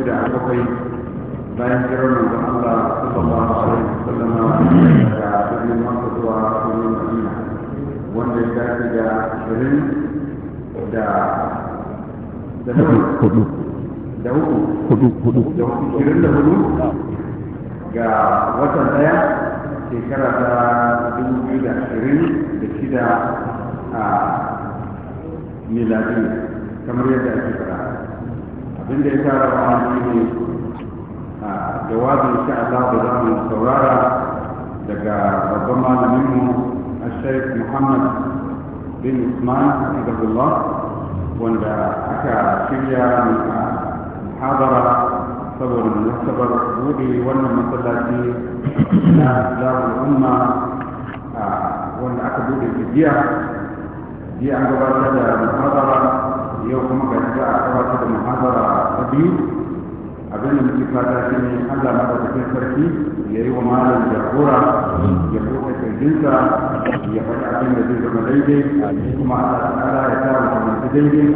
biyu da bakwai bayan jirar manzon Allah sallallahu alaihi wasallam da birnin Makka zuwa birnin Madina wanda ya dace da shirin da da hudu da hudu hudu da hudu da hudu ga watan daya shekara ta dubu biyu da ashirin da shida a miladiyya kamar yadda ake fara abin da ya tara ba shi ne a jawabin sha Allah da za mu saurara daga babban malaminmu a shaikh Muhammad bin Usman Abdullah wanda aka shirya a muhabara saboda munasabar bude wannan masallaci na Darul Umma wanda aka bude jiya jiya an gabatar da muhabara yau kuma ga za a gabatar da muhazara ta biyu abin da muke fata shi ne allah madaukakin sarki ya yi wa malam jagora ya buɗe kirjinsa ya faɗi abin da zai zama daidai kuma allah ta'ala ya sa mu daidai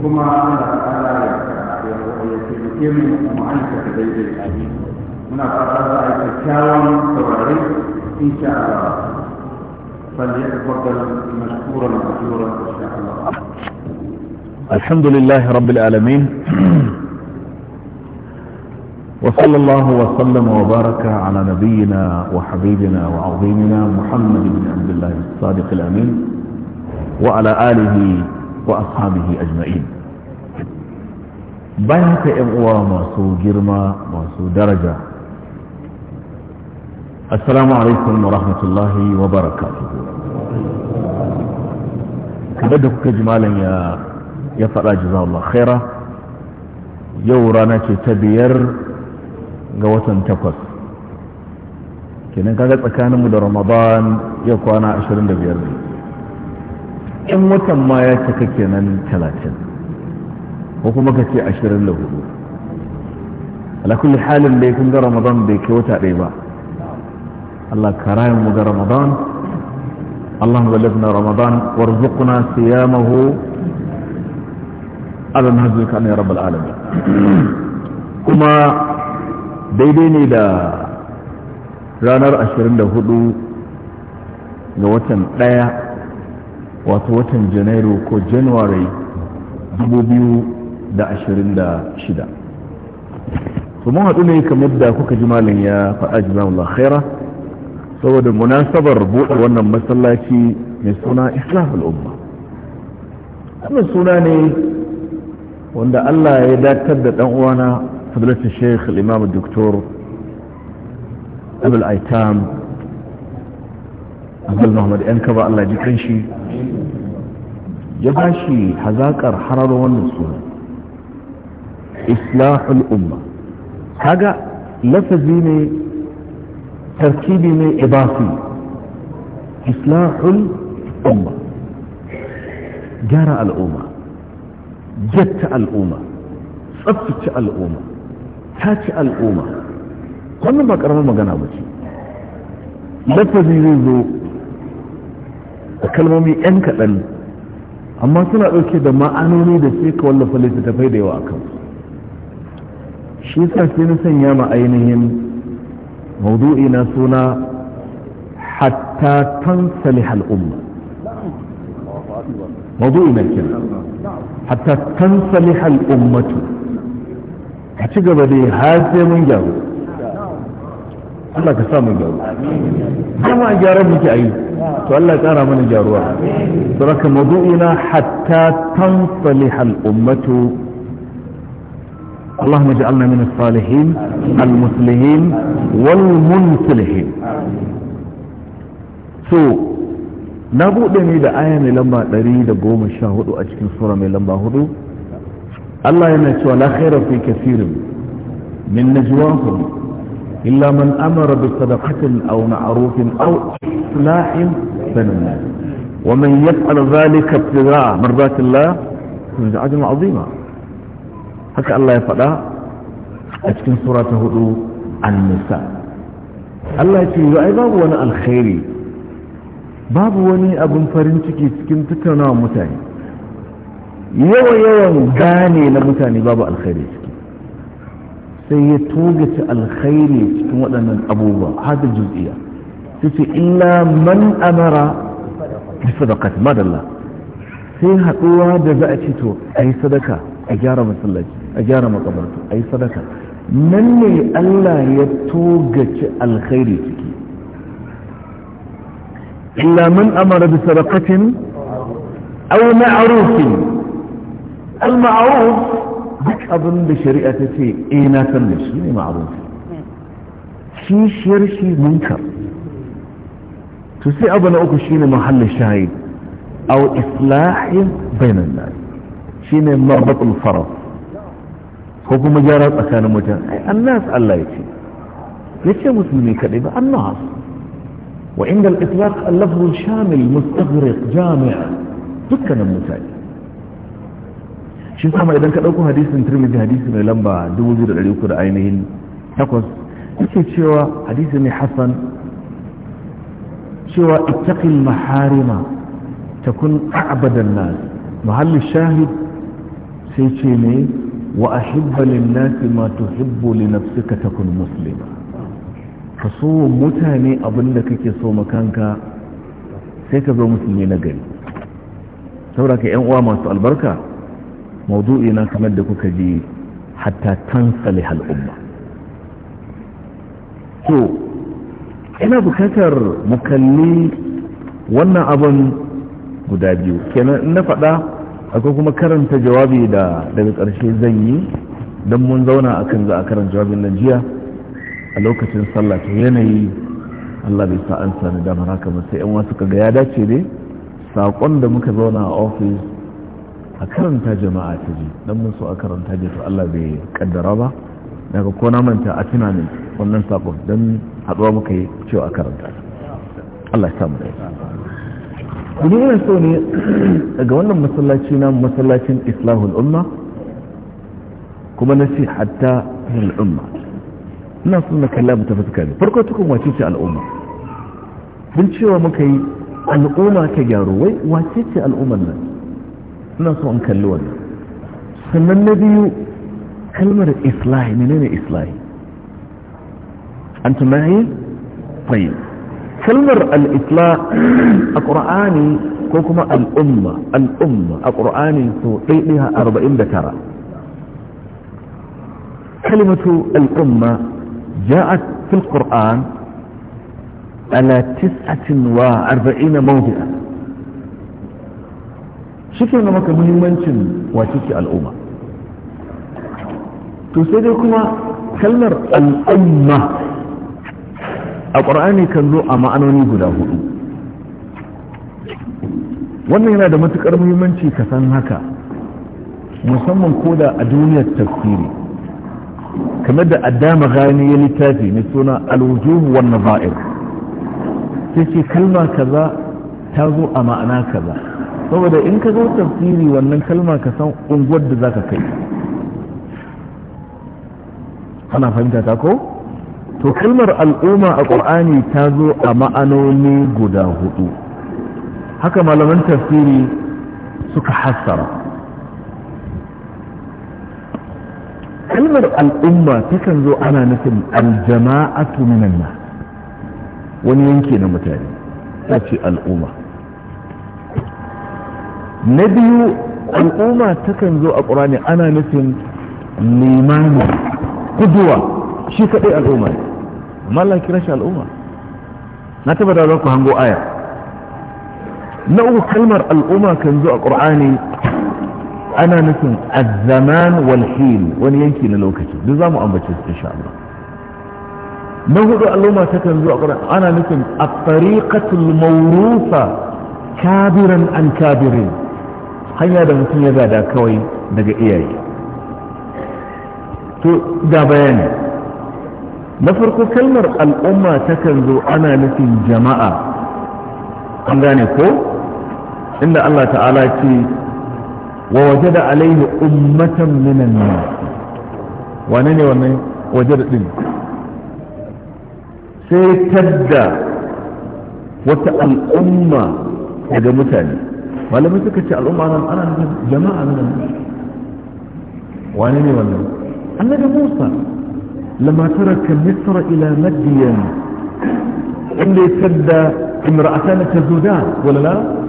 kuma allah ta'ala ya taimake mu mu aikata daidai muna fata za a yi kyakkyawan saurari insha allah فليتفضل مشكورا مأجورا ان شاء الله الحمد لله رب العالمين وصلى الله وسلم وبارك على نبينا وحبيبنا وعظيمنا محمد بن عبد الله الصادق الامين وعلى اله واصحابه اجمعين bayan ام yan uwa masu درجه السلام عليكم ورحمه الله وبركاته rahmatullahi wa يا ya faɗa jazawallah khaira yau rana ce ta biyar ga watan takwas kenan kaga tsakaninmu da ramadan ya kwana 25 ne in watan ma ya cika kenan 30 ko kuma ka ce 24 ala kulli halin ya kun ga ramadan bai kai wata ɗaya ba Allah ka rayu mu ga ramadan اللهم بلغنا رمضان وارزقنا صيامه ala nahzuka ya rabbal alamin kuma daidai ne da ranar 24 ga watan ɗaya wato watan janairu ko january 2026 su mun haɗu ne kamar da kuka ji malin ya faɗa jima'ullah khaira saboda munasabar buɗe wannan masallaci mai suna islam al'umma suna ne wanda Allah ya datar da dan uwana fadlatin Sheikh Imam doktor Abul Aitam Abdul Muhammad yan kaba Allah ji kan shi ya ba shi hazakar hararo wannan suna islahul umma kaga lafazi ne tarkibi ne ibasi islahul umma gyara al'umma jatta al'umma tsaftace al'umma tace al'umma wannan ba karamar magana ba ce lafazi zai zo da kalmomi 'yan kaɗan amma suna ɗauke da ma'anoni da sai ka wallafa fai da yawa a kan shi yasa sai na sanya ma ainihin maudu'i na suna hatta tan al'umma? maudu'i na kenan hatta tansaliha al'ummatu a ci gaba da har mun gyaru Allah ka sa mun gyaru dama gyaran muke a yi to Allah ya kara mana gyaruwa don haka mazu'ina hatta tansaliha al'ummatu اللهم اجعلنا من الصالحين المسلمين والمنسلحين so na buɗe ne da aya mai lamba 114 a cikin sura mai lamba 4 Allah yana cewa la khaira fi kafirin min najwahum illa man amara bi sadaqatin aw ma'rufin aw islahin bainal nas wa man yaf'al dhalika ibtigha mardatillah min ajrin 'azima haka Allah ya faɗa a cikin sura ta 4 an-nisa Allah ya ce ai babu wani alkhairi babu wani abin farin ciki cikin tattaunawa mutane yawan yawan gane na mutane babu alkhairi ciki sai ya togace alkhairi cikin waɗannan abubuwa da juz'iya sai ce illa man amara bi sadaqati madalla sai haɗuwa da za a ce to ai sadaka a gyara masallaci a gyara makabarta ai sadaka nan ne Allah ya togace alkhairi ciki إلا من أمر بسرقة أو معروف المعروف ذكب بشريئة في إينا فلش من معروف شي شير شي منكر تسي أبنى أكو شين محل الشهيد أو إصلاح بين الناس شين مربط الفرص هو مجارات أكان مجارات الناس الله يتي يتي مسلمين كذبا الناس وعند الإطلاق اللفظ الشامل مستغرق جامع تكن المساجد شوفوا ما إذا كنتوا حديث من ترمذي حديث من لمبا دو وزير العليو كرة عينهن تقص كيف شوى حديث من حسن شوى اتق المحارم تكون أعبد الناس محل الشاهد سيشيني وأحب للناس ما تحب لنفسك تكون مسلمة ka so mutane abin kake so makanka sai ka zo musulmi na gari saboda ka uwa masu albarka maudu'i na kamar da kuka ji hatta tan salihal umma to ina bukatar mu kalli wannan abin guda biyu kenan na faɗa akwai kuma karanta jawabi da daga ƙarshe zan yi don mun zauna a kan za a karanta jawabin nan jiya a lokacin sallah ta yanayi Allah bai sa an sani damar haka ba sai yan wasu kaga ya dace ne saƙon da muka zauna a ofis a karanta jama'a ta ji don mun so a karanta ji to Allah bai kaddara ba daga ko na manta a tuna ne wannan saƙon don haɗuwa muka yi cewa a karanta Allah ya samu da kuma yin so ne daga wannan masallaci na masallacin islahul umma kuma na ce hatta umma ina so na kalla mu ta kare. ne farko tukun wace ce al'umma mun cewa muka yi al'umma ta gyaro wai wace ce al'ummar nan ina so an kalli wannan sannan na biyu kalmar islahi menene islahi an tunaye fayi kalmar al'isla a ƙurani ko kuma al'umma al'umma a ƙurani so ɗaiɗaya arba'in da tara kalimatu al'umma جاءت في القرآن على تسعة وأربعين موضعا شكرا لك مهمنشن واتيك الأمة تسيدكما kalmar al'umma a ƙwar'ani kan zo a ma'anoni guda hudu wannan yana da matukar muhimmanci ka san haka musamman ko da a duniyar tafsiri kamar da adama gani ya littafi mai suna alwujuhu wan nazair sai ce kalma kaza ta zo a ma'ana kaza saboda in ka zo tafsiri wannan kalma ka san unguwar da zaka kai ana fahimta ta ko to kalmar al'umma a qur'ani ta zo a ma'anoni guda hudu haka malaman tafsiri suka hassara kalmar al'umma takan zo ana nufin aljama'atu minan nas wani yanki na mutane ta ce al'umma na biyu al'umma takan zo a ƙurani ana nufin limani kuduwa shi kaɗai al'umma ne mallaki rashin al'umma na taba da ku hango aya na uku kalmar al'umma kan zo a ƙur'ani أنا نتن الزمان والحيل وني ينكي للوكتي بزامو أمبتس إن شاء الله نهو دو اللوما تتنزو أقرأ أنا نتن الطريقة الموروثة كابرا عن كابرين هيا دا متن يبادا كوي دقا إياي تو دا بياني نفرق كلمر الأمة تتنزو أنا نتن جماعة قمداني كو إن الله تعالى تي ووجد عليه أمة من الناس وانين وانين وجد دين سيكد وتا الأمة هذا مثال ولم تكت الأمة أنا أنا جماعة من الناس وانين وانين النبي موسى لما ترك مصر إلى مدين اللي سد امرأتان تزودان ولا لا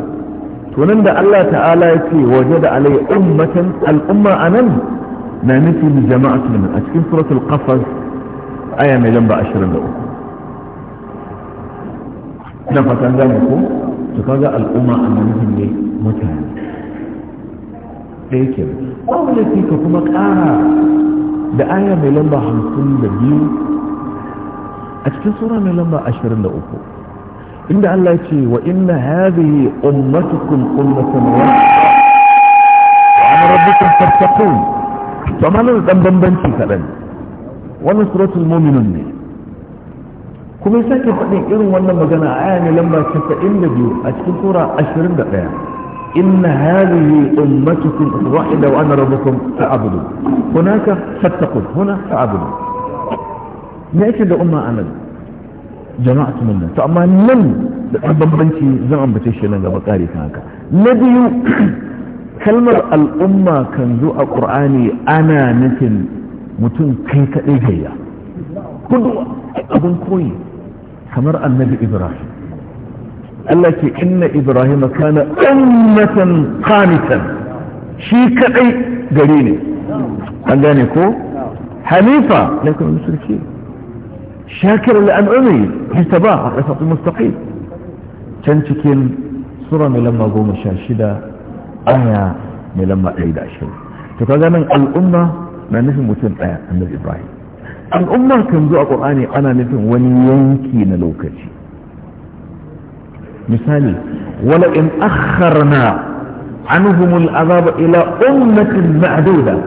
tunan da Allah ta'ala ya ce waje da alai ummatan al'umma a nan na nufin jama'a min a cikin suratul qasas aya mai lamba 23 ina fatan gane ko to kaga al'umma a nan nufin ne mutane ɗaya ke ba wani ka kuma ƙara da aya mai lamba 52 a cikin sura mai lamba 23 إن الله وإن هذه أمتكم أمة واحدة وعن ربكم ترتقون فما لن بنبنتي فلن ونصرة المؤمنون لي كم يساكي فأني إذن وانا مجانا عاني لما كسئن لدي أشكي سورة أشهرين دقيقة إن هذه أمتكم واحدة وعن ربكم فأعبدوا هناك فاتقوا هنا فأعبدوا ما يكد أنا jama'atu minna to amma nan da ɗan bambanci zan ambace shi nan gaba kare kan haka na biyu kalmar al'umma kan zo a ƙur'ani ana nufin mutum kai kaɗai gayya kudu abin koyi kamar annabi ibrahim Allah ke inna ibrahim kana ummatan qanitan shi kaɗai gare ne an gane ko hanifa na kuma musulki شاكر لأنعمي حيث تباه عقصت المستقيم تنتكين صورة لما قوم شاشدة آية لما عيد عشر تقول دائما الأمة ما نفهم وثم آية عند إبراهيم الأمة كم ذو قرآني أنا نفهم ونينكي نلوكتي مثالي ولئن أخرنا عنهم الأذاب إلى أمة معدودة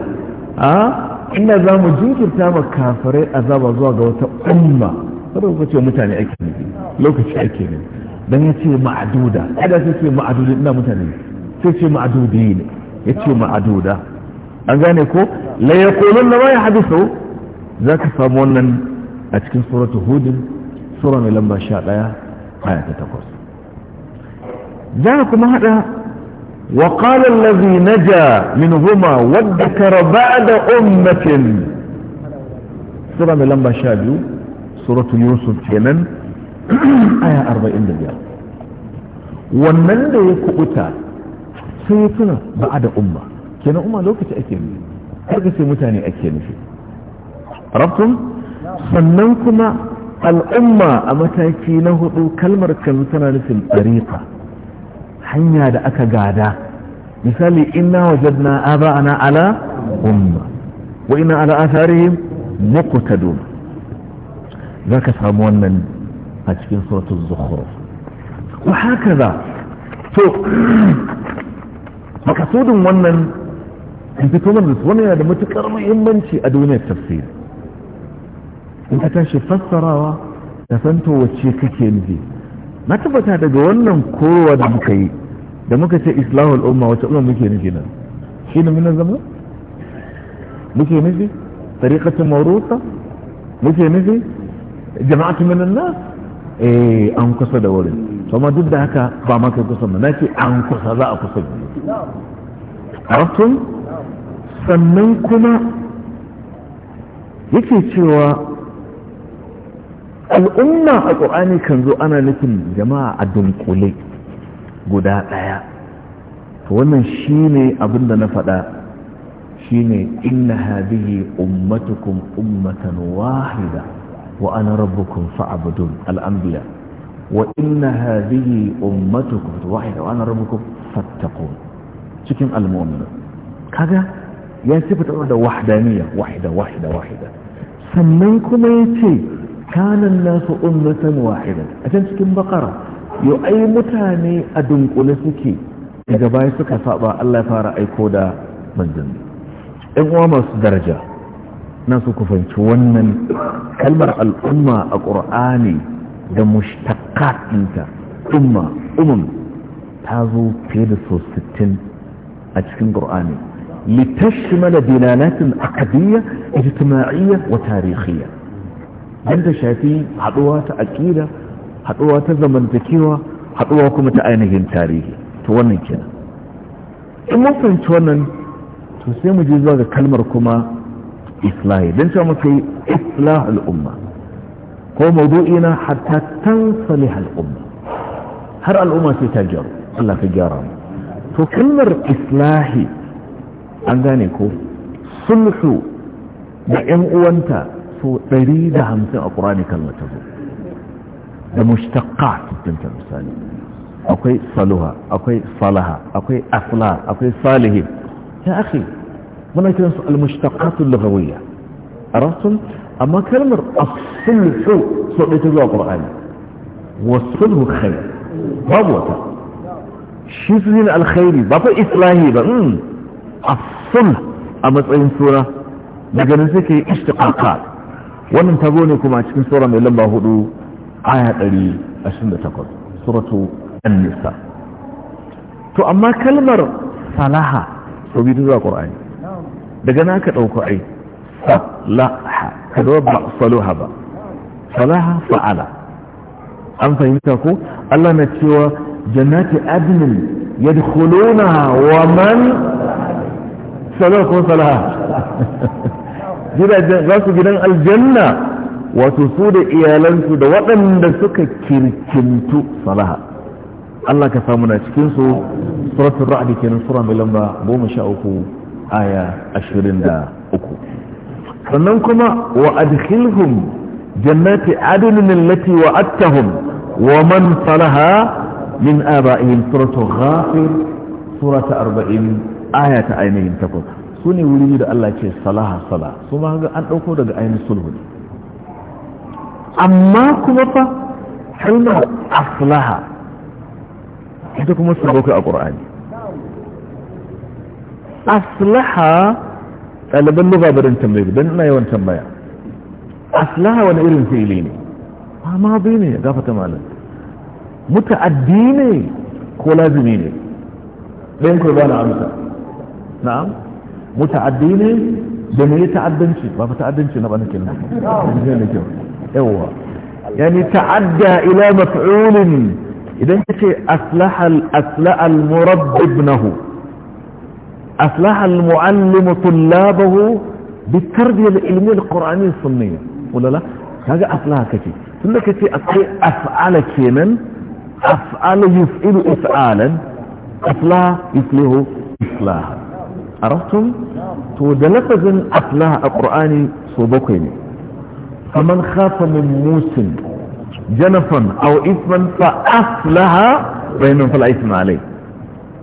ها آه؟ inda za mu jinkirta ma kafirai azaba zuwa ga wata umma kada ku ce mutane ake ne lokaci ake ne dan ya ce ma'aduda kada sai ce ma'aduda ina mutane sai ce ma'adudi ne ya ce ma'aduda an gane ko la yaqulun la ya hadithu ka samu wannan a cikin suratul hud sura mai lamba 11 aya ta 8 za kuma hada وقال الذي نجا منهما وذكر بعد أمة سورة لما شابيو سورة يوسف كمان آية أربع إندبيا ونندى لا يكؤتا سيتنا بعد أمة كان أمة لو كنت أكيم أرغس متاني أكيم في ربكم سننكم الأمة أما تأكينه كلمة كنتنا نسل طريقة hanya da aka gada misali ina wajadna aba'ana ala umma wa inna ala atharihim muqtadun zaka samu wannan a cikin suratul zukhruf wa hakaza to makasudin wannan in fito mana wannan yana da matukar muhimmanci a duniyar tafsir in ka tashi fassarawa ka san wacce kake nufi na tabbata daga wannan kowa da muka yi da muka ce islahul umma wacce umma muke nufi nan shi ne muna zama muke nufi tariqatun mawrusa muke nufi jama'atu minan nas eh an kusa da wurin to ma duk da haka ba ma kai kusa na ce an kusa za a kusa a arafun sannan kuma yake cewa al'umma a ƙwa'ani kan zo ana nufin jama'a a dunkule guda ɗaya to wannan shi ne abin da na faɗa shi ne inna hadihi ummatukum ummatan wahida wa ana rabbukum fa'budun al-anbiya wa inna hadihi ummatukum wahida wa ana rabbukum fattaqun cikin al-mu'min kaga ya sifata da wahdaniya wahida wahida wahida sannan kuma yace kana an-nasu ummatan wahida a cikin baqara yau ai mutane a dunkule suke daga baya suka saba Allah fara aiko da manzanni in uwa masu daraja na su ku fahimci wannan kalmar al'umma a ƙur'ani da mushtaqat ɗinta umma umum ta zo fiye da so 60 a cikin ƙur'ani litashmala dilalatin akadiyya ijtima'iyya wa tarihiyya dan ta shafi haɗuwa ta aƙida haɗuwa ta zamantakewa haɗuwa kuma ta ainihin tarihi ta wannan kenan in mun fahimci wannan to sai mu je zuwa ga kalmar kuma islahi don cewa muka yi islah al'umma ko maudu'i na hatta tansalih al'umma har al'umma sai ta gyaru Allah ka gyara mu to kalmar islahi an gane ko sulhu da 'yan uwanta so hamsin a ƙurani kalmar ta zo da mushtaqqat dinta misali akwai saluha akwai salaha akwai asla akwai salihin ya akhi muna kiran su al-mushtaqat al-lughawiyya arastul amma kalmar as-sulhu so da ta zuwa qur'ani wa sulhu khair babu wata shi sunin alkhairi ba fa islahi ba hmm. as-sulh a matsayin sura daga nan suke ishtiqaqat wannan ta zo ne kuma a cikin sura mai lamba hudu aya suratu an-nisa to amma kalmar salaha sau biyu zuwa ƙur'ani daga na ka ɗauka ai salaha ka zama ba salaha ba salaha fa'ala an fahimta ko Allah na cewa jannati adnin yadkhuluna wa man salaha ko salaha gidajen gidan aljanna wato su da iyalansu da waɗanda suka kirkintu salaha Allah ka samu na cikin su suratul kenan sura mai lamba uku aya uku sannan kuma wa adkhilhum jannati adnin allati wa'adtahum wa man salaha min aba'ihim suratul ghafir surata 40 aya ta ainihin takwas su ne wuri da Allah ke salaha sala su ma ga an ɗauko daga ainihin sulhu amma kuma fa kalmar aslaha, ita kuma su bakwai a ƙur'ani aslaha ɗaliban luba barin tambayi don ina yawan tambaya aslaha wani irin fi'ili ne ba ma bai ne gafata malam muta'addi ne ko lazimi ne ɗayan ku ba na amsa na'am muta'addi ne da me ya ta'addanci ba fa ta'addanci na ba na kenan ne هو يعني تعدى الى مفعول اذا انت اصلح الاسلأ المرب ابنه اصلح المعلم طلابه بالتربية العلمية القرآنية السنيه ولا لا هذا اصلها كثير ثم كثير افعل شيئا افعل يفعل افعالا اصلها يفعله اصلها عرفتم تودلفزن اصلها القرآني صدقني فمن خاف من موسى جنفا او اثما فاصلها فانه فلا اثم عليه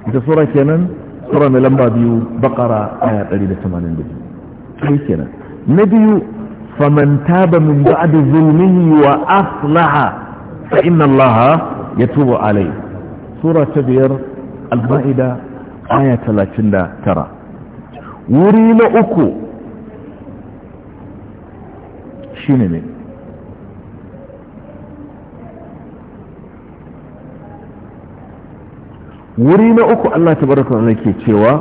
انت سورة كنا سورة ملمبا ديو بقرة آية قليلة ثمانين بديو كيف كنا نبيو فمن تاب من بعد ظلمه واصلها فان الله يتوب عليه سورة تبير المائدة آية ثلاثين ترى وريم أكو shine ne wuri na uku Allah ta baraka wa ke cewa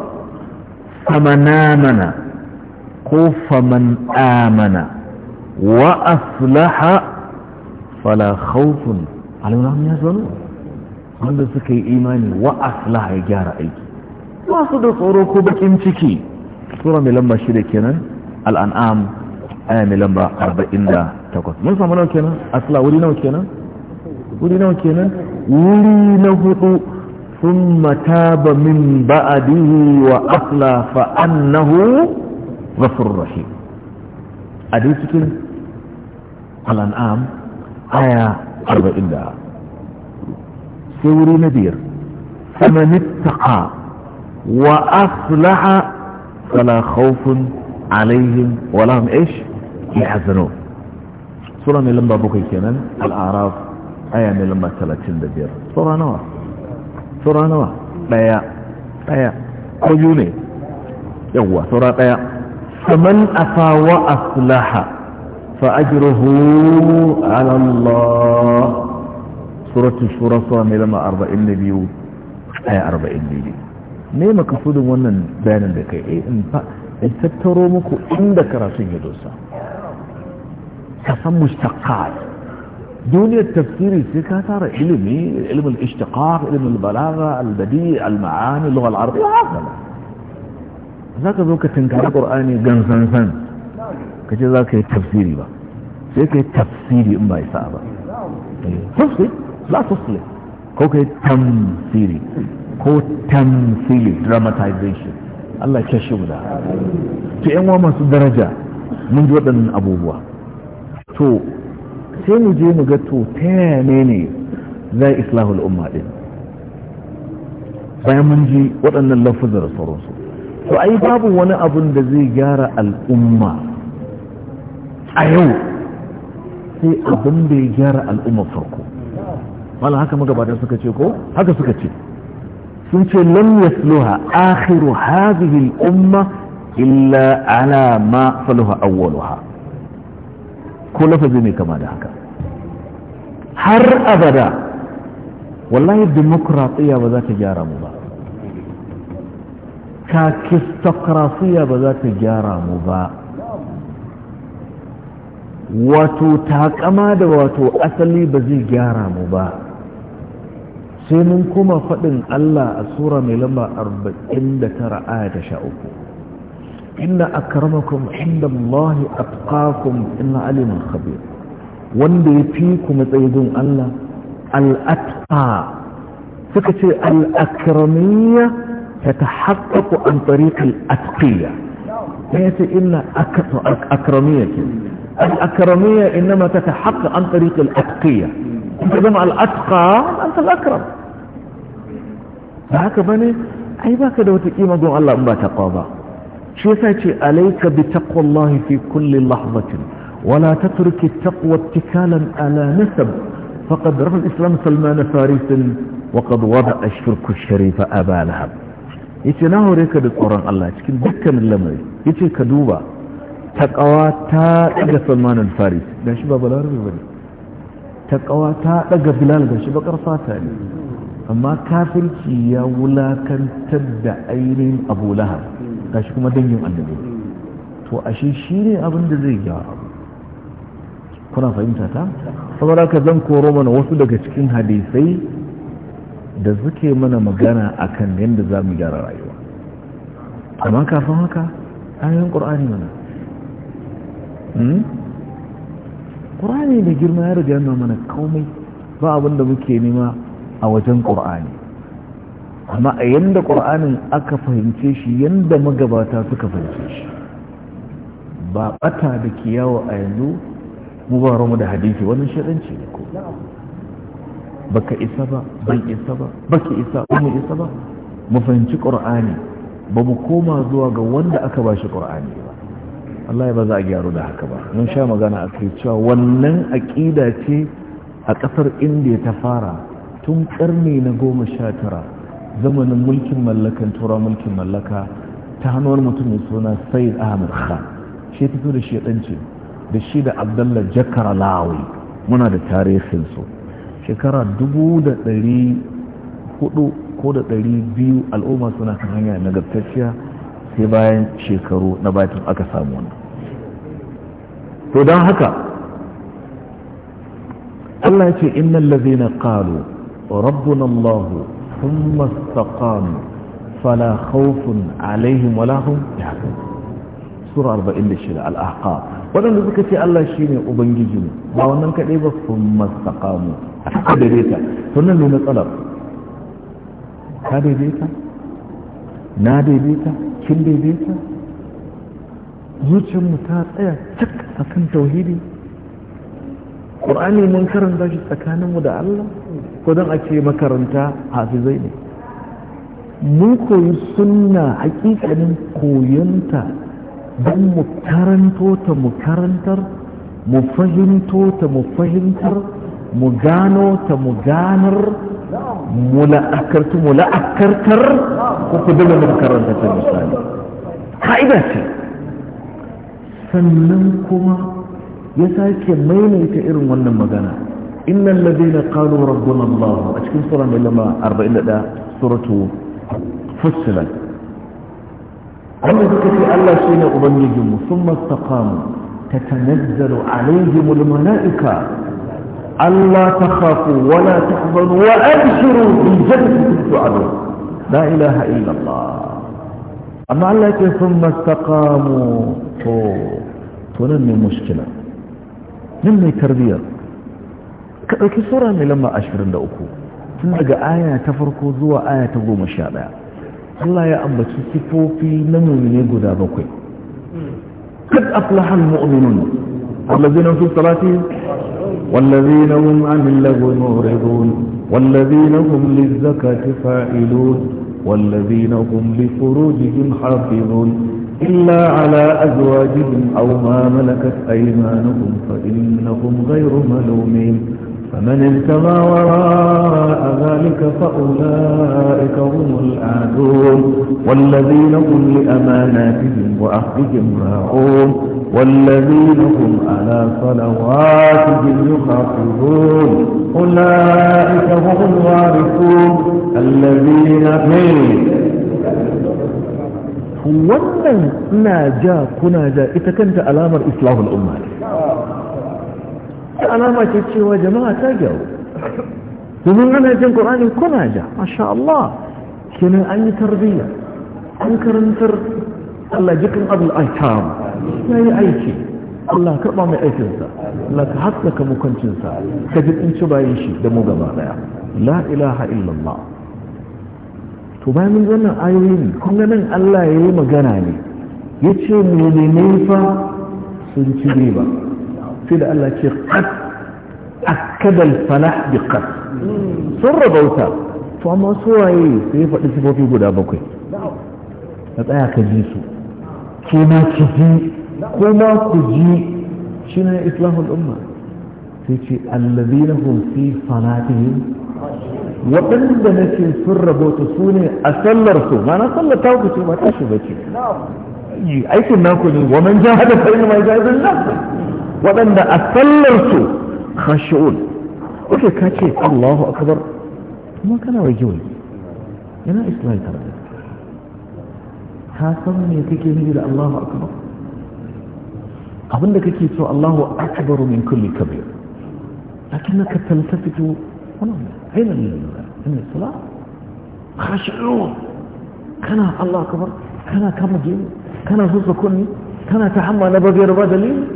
famanamana ko faman amana wa aslaha fala khawfun alamun ya zanu wanda suka yi imani wa aslaha ya gyara aiki Masu da tsoro ko bakin ciki sura mai lamba shida kenan al'an'am aya mai lamba 48 mun samu nawa kenan asla wuri nawa kenan wuri nawa kenan wuri na hudu ثم تاب من بعده وأصلى فأنه غفور رحيم أديتك الأنعام آية 40 سوري نذير فمن اتقى وأصلح فلا خوف عليهم ولا هم إيش sura mai bakwai kenan al-a'raf aya mai lamba 35 sura nawa nawa daya daya ko ne yawwa sura daya faman afa wa aslaha fa ajruhu Allah suratul shura sura mai lamba 42 aya 42 ne wannan bayanin da kai eh, in fa in tattaro muku inda karatun ya dosa كصم مشتقات دنيا التفسير في كثر علمي علم الاشتقاق علم البلاغة البديع المعاني اللغة العربية هذا ذاك ذوك تنكر القرآن جنسنسن كذا ذاك التفسير بقى فيك التفسير ما يصعب تفسير لا تفسير كوك تمثيل كو تمثيل دراماتيزيشن الله يكشف ذا في أمام درجة من جوا أبوه to sai mu je mu ga to ta yane ne za islahul umma din bayan mun ji waɗannan lafuzar da sauransu to ai babu wani abun da zai gyara al'umma a yau sai abin da ya gyara alumma farko wala haka magabatan suka ce ko haka suka ce sun ce lam yasluha akhiru hadhihi al'umma umma illa ala ma faluha awwaluha ko lafazi mai kama da haka har abada wallahi demokratiya ba za ta gyara mu ba kakistokrasiya ba za ta gyara mu ba wato takama da wato asali ba zai gyara mu ba sai mun kuma faɗin Allah a sura mai lamba 49 aya ta uku. inna akramakum inda Allah atqakum inna alimun khabir wanda ya fi ku matsayi gun Allah al'atqa suka ce al'akramiyya ta ta haƙaƙo an tariƙar atqiyya ta yace inna akramiyya ce al'akramiyya innama ta ta haƙa an tariƙar atqiyya in ka zama al'atqa an ta al'akram ba haka ba ne ai baka da wata ƙima gun Allah in ba ta ƙwa ba shi yasa ce alayka bi taqwallahi fi kulli lahzatin ولا تترك التقوى اتكالا على islam فقد رفض الإسلام سلمان فارس وقد وضع الشرك الشريف أبا لهب yace na hore ka da tsoron Allah cikin dukkanin lamari yace ka duba taqawa ta daga Salman al-Faris gashi ba balarabi bane taqawa ta daga Bilal shi ba karfata ne amma kafirci ya wulakantar da ainihin Abu Lahab gashi kuma dangin annabi to ashe shi ne abin da zai gyara kuna fahimta ta saboda ka zan koro mana wasu daga cikin hadisai da suke mana magana akan yadda za mu gyara rayuwa amma kafin haka ayoyin ƙur'ani mana ƙur'ani hmm? da girma ya riga yana mana komai ba abinda muke nema a wajen ƙur'ani amma a yanda ƙur'anin aka fahimce shi yanda magabata suka fahimce shi ba ɓata da kiyawa a yanzu mu ba mu da hadisi wannan shaɗanci ne ko ka isa ba ban isa ba ba ka isa ba mu isa ba mu fahimci ƙur'ani ba mu koma zuwa ga wanda aka ba shi ƙur'ani ba Allah ya ba za a gyaru da haka ba mun sha magana a kai cewa wannan aƙida ce a ƙasar indiya ta fara tun ƙarni na goma sha tara zamanin mulkin mallakan turawa mulkin mallaka ta hannuwar mutum mai suna sayyid ahmad khan shi fito da shi ɗance da shi da abdallah jakar lawi muna da tarihin su shekara dubu da ɗari hudu ko da ɗari biyu al'umma suna kan hanya gabtacciya sai bayan shekaru na bayan aka samu wannan to don haka Allah ya ce innal ladzina qalu rabbuna Allah ثم استقاموا فلا خوف عليهم ولا هم يحزنون sura 46 al-ahqaf wadanda suka ce Allah shine ubangiji ne ba wannan kadai ba sun mastaqamu aka daidaita to nan ne matsalar ka daidaita na daidaita kin daidaita zuciyar mu ta tsaya cik akan tauhidi qur'ani mun karanta shi tsakaninmu da Allah ko don a ce makaranta hafizai ne mun koyi suna hakikanin koyonta don mu karanto ta mu karantar mu fahimto ta mu fahimtar mu gano ta mu ganar mu la'akartu mu la'akartar ko ku daga mu karanta ta misali ka'ida ce sannan kuma ya sake maimaita irin wannan magana إن الذين قالوا ربنا الله أشكي سورة من لما أربعين دا سورة فسلا أما ذكرت ألا شين أبنجهم ثم استقاموا تتنزل عليهم الملائكة ألا تخافوا ولا تحزنوا وأبشروا بالجنة تعلم لا إله إلا الله أما عليك ثم استقاموا تو تنمي مشكلة نمي تربيه ka ɗauki sura mai lamba 23 tun daga aya ta farko zuwa aya ta goma sha ɗaya Allah ya ambaci sifofi na mummune guda bakwai kad aflahal mu'minun allazina fi salati wallazina hum anil lagwi mu'ridun wallazina hum lizakati fa'ilun wallazina hum li furujihim hafizun إلا على أزواجهم أو ما ملكت أيمانهم فإنهم غير ملومين فمن ابتغى وراء ذلك فأولئك هم الآدون والذين هم لأماناتهم وأخذهم راعون والذين هم على صلواتهم يحافظون أولئك هم الوارثون الذين هم wannan ina ja kuna ja ita kanta alamar islahul ta alama ce cewa jama'a ta gyaru domin ana jin ƙur'ani kuna ja masha Allah kenan an yi tarbiyya an karantar Allah jikin abul aitam ya yi aiki Allah karɓa mai aikinsa Allah ka haskaka mukuncinsa ka ji tsinci bayan shi da mu gaba daya la ilaha illallah to bayan mun wannan ayoyin kun ga nan Allah ya yi magana ne ya ce menene fa sun ci riba sai da Allah ce qad akkada al-falah bi qad sun rabauta to amma su waye sai ya faɗi sifofi guda bakwai ka tsaya ka ji su ke ma ki ji ko ma ku ji shi ne islahul umma sai ce allazina hum fi salatihim waɗanda na ce sun rabauta su ne a sallar su mana sallar ta ku ce ba ta shi bace ce aikin naku ne wa man jahada fa inna ma jahada nafsa waɗanda a sallarsu khashu'un kuke ka ce Allahu akbar kuma kana wai giwai yana islami tare da ka san me kake nufi da Allahu akbar abinda kake so Allahu akbar min kulli kabir lakinaka tantafitu wannan ne min salat khashu'un kana Allah akbar kana kama giwai kana zuwa kunni kana ta hamma na bagayar ba dalili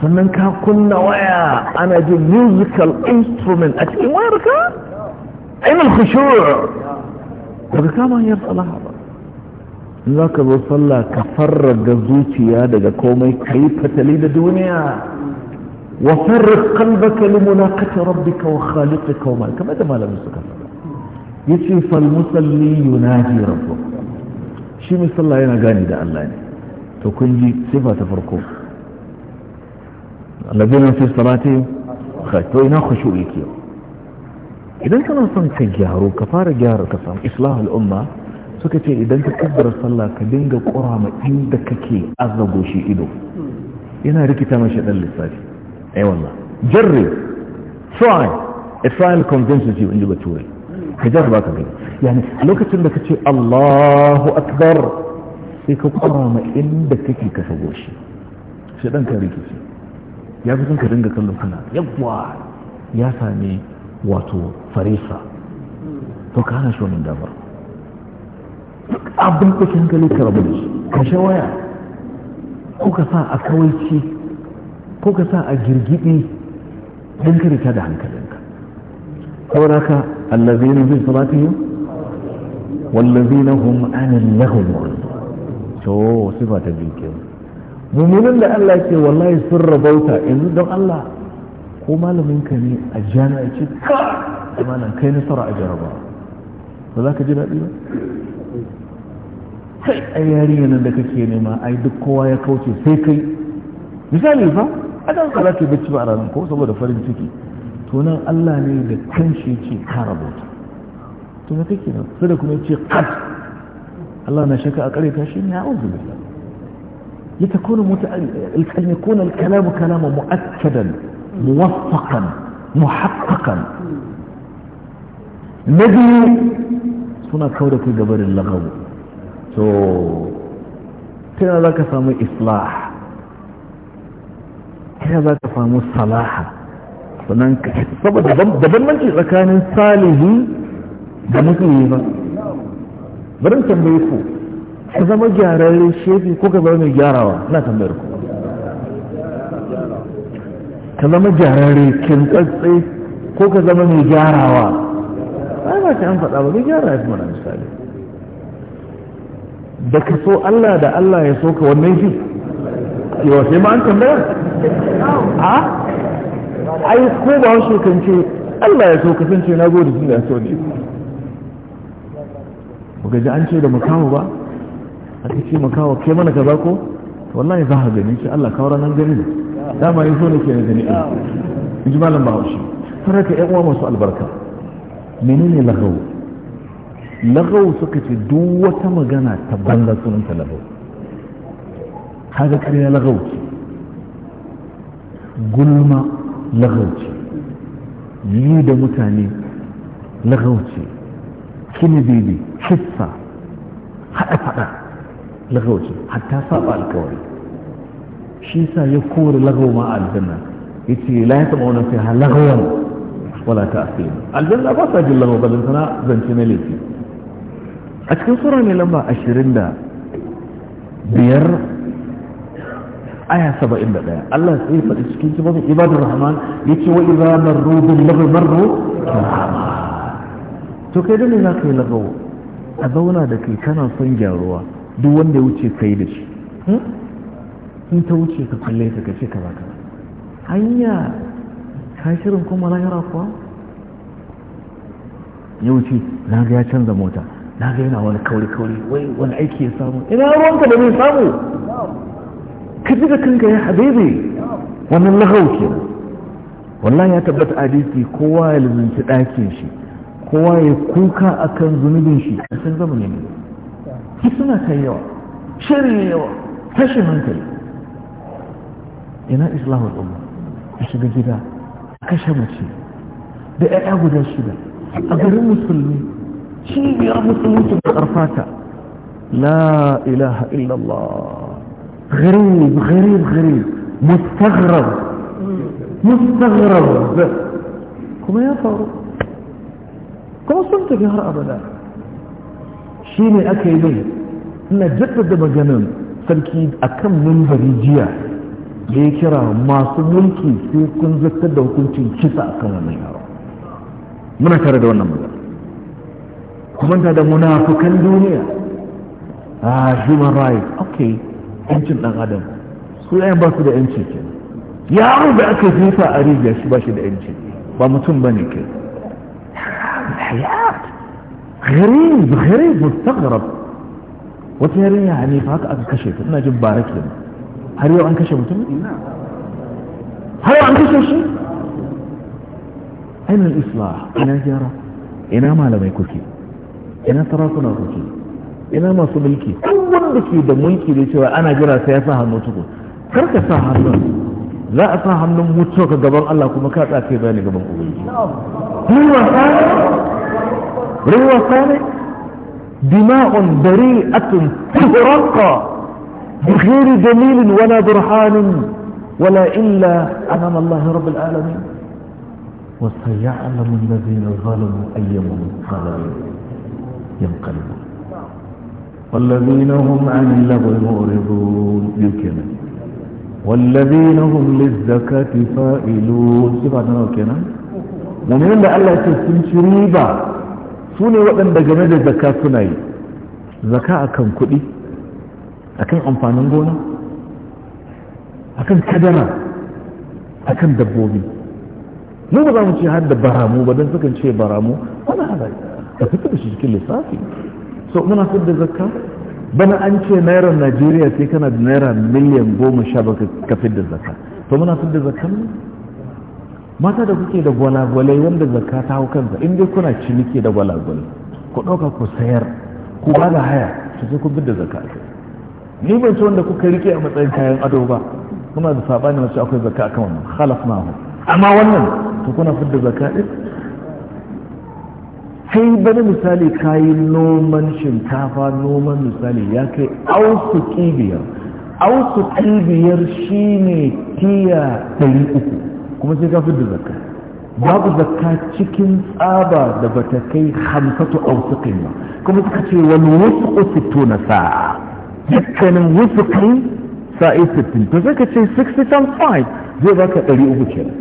sannan ka kunna waya ana jin musical instrument a cikin wayar ka ainihin kushur daga kama hanyar salaha ba in za ka zo sallah ka farraga zuciya daga komai ka yi fatali da duniya wa farrag qalbaka li munaqati rabbika wa khaliqika wa malika kamar da malamin suka faɗa ce fal musalli yunaji rabu shi mai yana gani da Allah ne to kun ji sifa ta farko الذين في صلاتهم خاشعون هنا خشوعي كيو idan kana son ka gyaro ka fara gyara ka samu islahu al'umma suka ce idan ka kaddara sallah ka dinga kurama inda kake azago shi ido yana rikita mashi dan lissafi ai wallah jarri try a trial convinces you in the bature ka jarraba ka gani yani lokacin da kace Allahu akbar sai ka kurama inda kake ka sago shi sai dan ka rikice ya fi son ka dinga kallon kana yawwa ya sami wato farisa to ka hana shi damar abin da kin gani ka rabu ka sha waya ko ka sa a kawaici ko ka sa a girgidi don ka rika da hankalinka saboda ka allazina bi salatihim wallazina hum an lahum to sifa ta biyu mummunan da Allah ke wallahi sun rabauta yanzu don Allah ko malamin ka ne a jami'a ce ka imanin kai nasara a jaraba ba za ka ji daɗi ba sai ai yarinya nan da kake nema ai duk kowa ya kauce sai kai misali ba a kan ka za ka bacci ba a ranar ko saboda farin ciki to nan Allah ne da kanshi ce ka rabauta to na kake nan sai da kuma ya ce kat Allah na shaka a kare ta shi ne a uzu billah لتكون مت... أن يكون الكلام كلاما مؤكدا موفقا محققا نبي سنة كورة قبر اللغو سو كنا ذاك فهم إصلاح كنا ذاك فهم الصلاح فنانك طبعا دبن من جيء لكان صالحي دمسيه برن تنبيه ka zama gyararre shefi ko ka zama mai gyarawa na tambayar ku ka zama gyararre kintsatse ko ka zama mai gyarawa ai ba ta an faɗa ba mai gyara ya fi mana misali da ka so Allah da Allah ya so ka wannan shi yawa sai ma an tambaya a ai ko ba wasu kan ce Allah ya so ka sun ce na gode sun da so ne ba ga ji an ce da mu kama ba aka ta ce makawa kai mana kaza ko wallahi za ka gani shi Allah kawo ranar gani dama yi so ne ke gani a in ji malam bahaushe sarar ka uwa masu albarka menene lahau lahau suka ce duk wata magana ta banza sunanta lahau kaga karya lahau ce gulma lahau ce yi da mutane lahau ce kini bebe haɗa faɗa lagawa ce hatta saba alkawari shi sa ya kore lagawa ma a aljanna ya ce la ya taɓa wani sai ha lagawan wala ta asiri aljanna ba sa jin lagawa ba zantana zance na laifi a cikin sura mai lamba ashirin da biyar aya saba'in da ɗaya Allah sai faɗi cikin cikin ibadar rahman ya ce wa iza rubin bin lagawa marru to kai da ne za ka yi lagawa a zauna da kai kana son gyaruwa duk wanda ya wuce kai da shi hmm? in ta wuce ka kalle ka kace ka baka hanya kashirin kuma lahira kuwa ya wuce na ga ya canza mota na ga yana wani kauri kauri wai wani aiki ya samu ina ruwanka da bai samu ka ji da kanka ya habibi wannan lahau kenan wallahi ya tabbata adisi kowa ya lumunci ɗakin shi kowa ya kuka akan zunubin shi a san ne ne fitina ta yawa shirin yawa tashin hankali ina islamu al'umma a shiga gida a kashe mace da 'ya'ya guda shida a garin musulmi cibiyar musulunci da ƙarfata la ilaha illallah غريب غريب غريب مستغرب مستغرب كما يا فاروق كما صمت جهر أبدا شيني أكي به ina jaddada maganin sarki akan mimbari jiya da ya kira masu mulki sai kun zartar da hukuncin kisa a kan wannan yaro muna tare da wannan magana kuma da munafukan duniya A ah, human rights okay yancin dan adam su yayin ba su da yanci ke yaro da aka jefa a rijiya shi ba shi da yanci ba mutum ba ne ke hayat غريب غريب مستغرب wata yarinya fa haka aka kashe ta ina jin bara ke har yau an kashe mutum har yau an kashe shi ainihin islah ina gyara ina malamai kuke ina sarakuna kuke ina masu mulki wanda ke da mulki da cewa ana jira sai ya sa hannu tuku kar ka sa hannun za a sa hannun mutuwa ka gaban Allah kuma ka tsace bayani gaban ubangiji ruwa sane ruwa sane دماء بريئة تهرق بغير دليل ولا برهان ولا إلا أمام الله رب العالمين وسيعلم الذين ظلموا أي منقلب ينقلبون والذين هم عن اللغو معرضون يمكن والذين هم للزكاة فائلون سبحان الله كنا لأن الله تسمى شريبا su ne waɗanda game da zaka suna yi zaka akan kuɗi akan amfanin gona akan kadara akan dabbobi mu ba za mu ce har da baramu ba don sukan ce baramu wani hada ka fito da shi cikin lissafi so muna fitar da zakka bana an ce naira najeriya sai kana da naira miliyan goma sha baka ka fi da zakka to muna fitar da zakka ne mata da kuke da gwalagwalai wanda zakka ta hau kansa in dai kuna ciniki da gwalagwalai ku ɗauka ku sayar ku ba da haya su sai ku bi da zakka ni ban ci wanda kuka rike a matsayin kayan ado ba kuna da saɓani wacce akwai zakka kan wannan khalaf ma amma wannan to kuna da zakka din sai bani misali kayi noman shinkafa noman misali ya kai ausu kibiyar ausu kibiyar shine tiya ɗari uku kuma sai ka da zakka babu zakka cikin tsaba da ba ta kai hamsatu ausukin ba kuma suka ce wani wasu usito na sa'a dukkanin wasu kai sa'i 60 to sai ka ce 60 times 5 zai baka uku kenan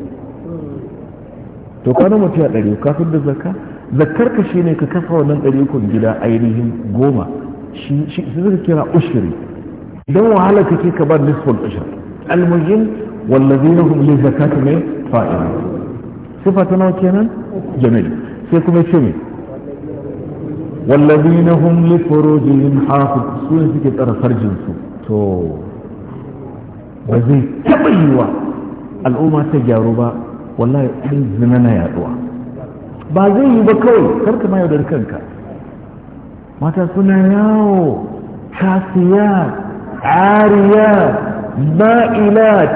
to kwanan mutum ya 300 kafin da zakka zakkar ka shi ne ka kafa wannan 300 gida ainihin goma shi suka kira ushiri idan wahala kake ka bar ushiri, ushir almuhim wallazina hum li zakati mai qa'ima sifa ta nawa kenan jamil sai kuma ce me na hum li furujihim hafiz su ne suke tsara farjin su to ba zai taɓa yiwa al'umma ta gyaru ba wallahi ɗin zina na yaɗuwa. ba zai yi ba kawai karka ma yaudar kanka mata suna yawo kasiya ariya ma'ilat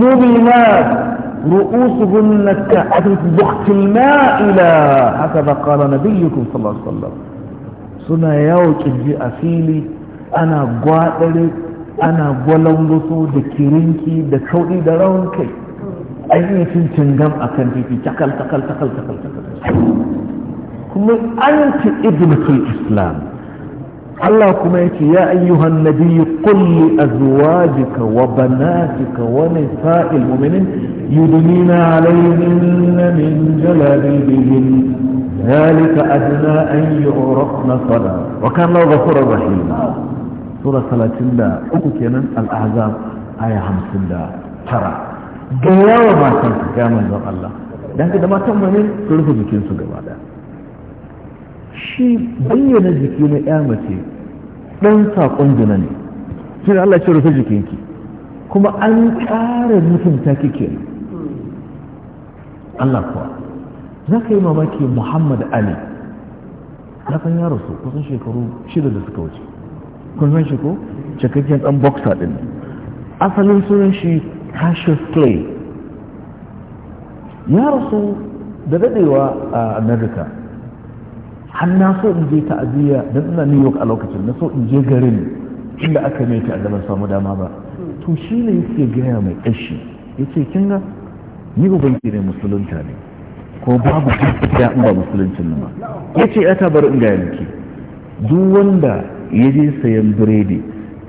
nubilat رؤوسهن كأدرة بخت المائلة هكذا قال نبيكم صلى الله عليه وسلم suna yawo kirji a ana gwadare ana gwalangwaso da kirinki da kauɗi da rawan kai an iya cin cingam a kan titi takal takal takal takal kuma an ci ibnatul islam Allah kuma ya ce ya ayyuhan nabiyyu qul li azwajika wa يدنين عليهن من جلابيبهن ذلك أدنى أن يعرفن صلاة وكان الله غفورا رحيما سورة 30 uku kenan al'azam aya 59 ga yawa matan su ga manzon Allah dan da matan mu ne su rufe jikin su shi bayyana jiki na ya mace ɗan saƙon jina ne shi Allah ya rufe jikinki kuma an ƙara mutunta kike Allah kuwa za ka yi mamaki Muhammad Ali na san yaro su kusan shekaru shida da suka wuce kun san shi ko cikakken dan boxer din asalin sunan shi Cassius Clay ya rasu da dadewa a America har na so in je ta'aziyya da ina New York a lokacin na so in je garin inda aka mai ta'aziyya ban samu dama ba to shi ne yake gaya mai kashi yace kin ga ni ubanki ne musulunta ne ko babu gaskiya in ba musuluncin nan ba yace ya ta bar in ga duk wanda ya je sayan biredi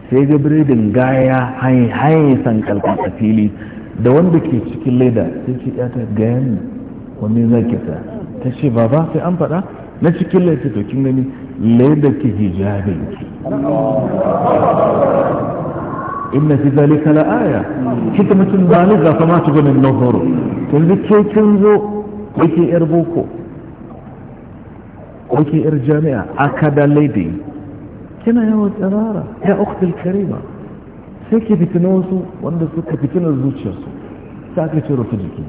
sai ga biredin gaya haye haye san kalkan a fili da wanda ke cikin leda sai ce ta gaya ni wani za ki ta ce baba sai an faɗa na cikin leda to kin gani leda ki hijabin ki inna fi zalika la aya kika mutum baliga fa ma nahoro To yanzu ke kin zo kike yar boko kike yar jami'a da lady kina yawan tsirara ya ukhtul karima sai ke fitina wasu wanda suka fitina zuciyarsu sai aka ce rufe jiki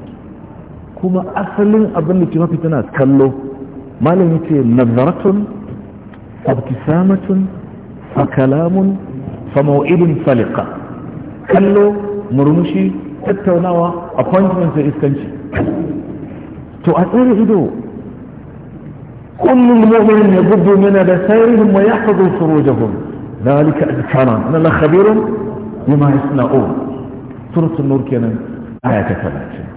kuma asalin abin da ke mafitina kallo malam yace nazaratun fabtisamatun kalamun فموئد فلقة قالوا مرمشي تتوناوا appointment في إسكنشي تو أتاري كل المؤمنين يبدو من بسيرهم ويحفظوا فروجهم ذلك أذكرا أن الله خبير بما يصنعون سورة النور كان آية ثلاثة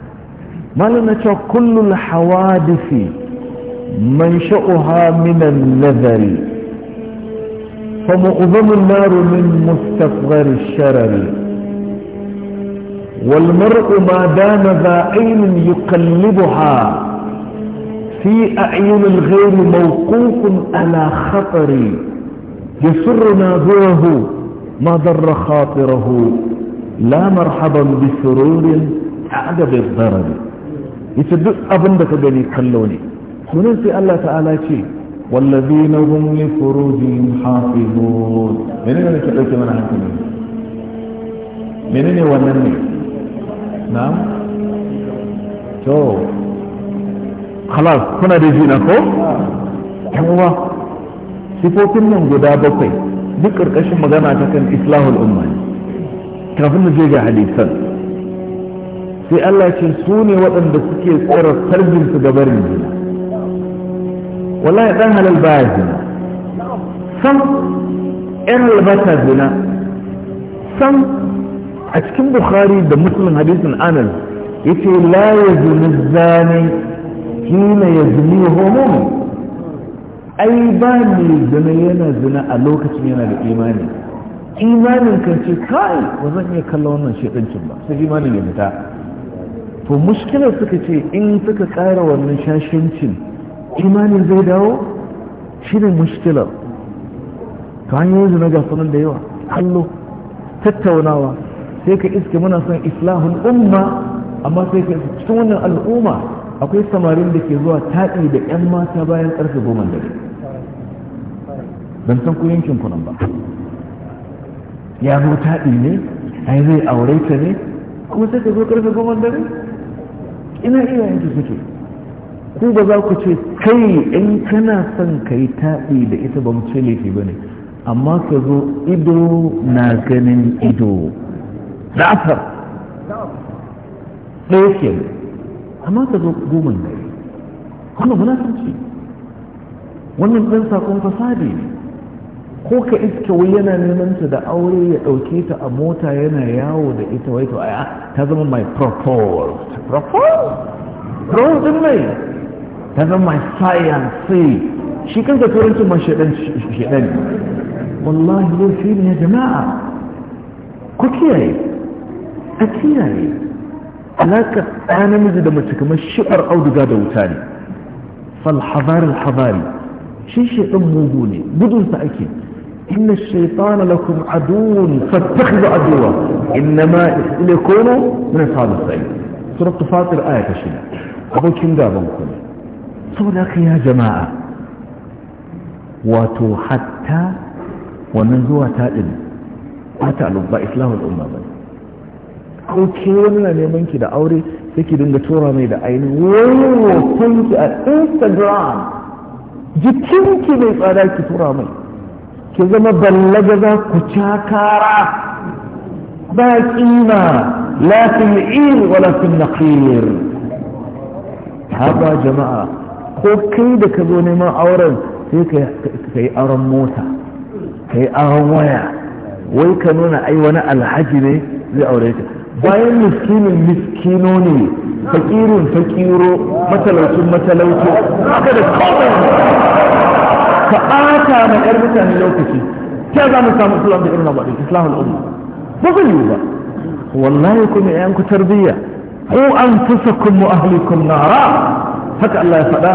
ما لنا كل الحوادث منشؤها من النذر فمعظم النار من مستصغر الشرر والمرء ما دام ذا عين يقلبها في أعين الغير موقوف على خطر يسر ناظره ما ضر خاطره لا مرحبا بسرور أعد بالضرر يتدق أبندك بني كلوني من الله تعالى شيء والذين هم لفروجهم حافظون من اين تقلت من عندهم من اين ونني نعم تو خلاص كنا رجينا كو حموا سفوكم من جدابكي ذكر كشم مغانا تكن إصلاح الأمة كافن جيجا حديثا في الله يشنسوني وطن بسكي سورة سرجم تقبرني جنا wallahi dan halal baya zina san yan albata zina san a cikin bukhari da muslim hadisin ya yace la yazunu zani kina yazuni homo ai ba ne zina yana zina a lokacin yana da imani imanin kan ce kai ba zan iya kallon wannan shedancin ba sai imanin ya fita to muskilar suka ce in suka kara wannan shashincin imanin zai dawo shi ne mushkilar ta hanyoyin zina ga sunan da yawa hallo tattaunawa sai ka iske muna son islahun umma amma sai ka cikin wannan al'umma akwai samarin da ke zuwa taɗi da 'yan mata bayan ƙarfe goma dare ban san ku yankin kunan ba ya zo taɗi ne a zai aure ta ne kuma sai ka zo ƙarfe goma dare ina iyayen su suke ku ba za ku ce kai in kana son ka yi taɗi da ita ba mu ce laifi ba ne amma ka zo ido na ganin ido da asar ɗaya ke amma ka zo goma ne wannan ce wannan ɗan sakon fasadi ne ko ka iska wai yana neman ta da aure ya ɗauke ta a mota yana yawo da ita wai to aya ta zama mai proposed proposed proposed mai ta zama science shi kanka turancin ma shaɗan shaɗan wallahi laifi ne jama'a ku kiyaye a kiyaye alaƙar ɗaya namiji da mace kamar shiɓar auduga da wuta ne falhabar alhabari shi shaɗan mugu ne gudunsa ake إن الشيطان لكم عدو فاتخذوا عدوا إنما إليكم من أصحاب السعيد سورة فاطر آية شنا أبو كم دابا مكمل صدق يا جماعة واتو حتى ومن ذو تائل واتا لبا إسلام الأمة بي أو كي ولا نيمن كده أوري سيكي دنجة تورا ميدا أين ويو تنكي على إنستغرام جي تنكي بيس آلاك تورا مي كذا ما بلغ ذا كتاكارا باك إيما لا في ولا في النقير هذا جماعه ko kai da ka zo neman auren sai ka yi auren mota ka yi auren waya wai ka nuna ai wani alhaji ne zai aure ka bayan miskinin miskino ne fakirin fakiro matalaucin matalauci haka da kawai ka ɓata na ƴar mutane lokaci ta za mu samu islam da irin na baɗi islam al'umma ba zai yi ba wallahi kuma ƴan ku tarbiyya ku an fusa kuma ahlikum nara haka Allah ya faɗa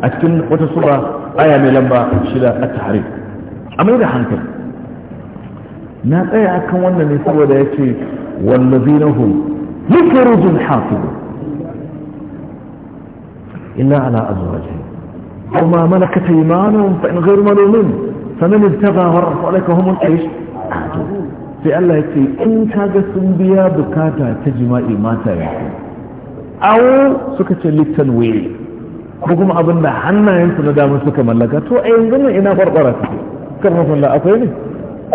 a cikin wata sura aya mai lamba shida a tahrim a mai da hankali na tsaya akan wannan ne saboda ya ce wallazina hum likarujin hafizu illa ala azwajihim أو ما ملكت إيمانهم فإن غير ملومين فمن ابتغى ورأف Sai Allah الأيش في الله يكفي sun biya سنبيا ta jima'i إيماتا يحكي au suka ce littan waye ko kuma abin da hannayensu na dama suka mallaka to a yanzu nan ina kwarkwara ta kan mafalla akwai ne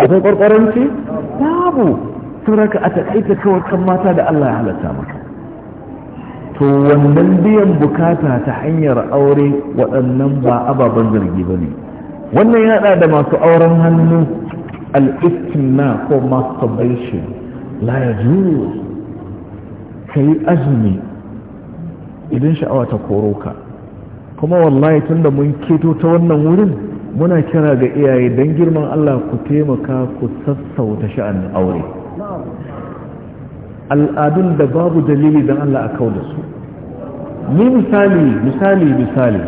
akwai kwarkwaranci babu turaka a taƙaita kawai kan mata da Allah ya halatta maka to wannan biyan bukata ta hanyar aure waɗannan ba ababen zargi ba ne wannan ya da masu auren hannu al-istimna ko masturbation la ya ka yi azumi idan sha'awa ta koro ka kuma wallahi tun da mun keto ta wannan wurin muna kira ga iyaye don girman Allah ku taimaka ku sassauta sha'anin aure al'adun da babu dalili don Allah a kau da su ni misali misali misali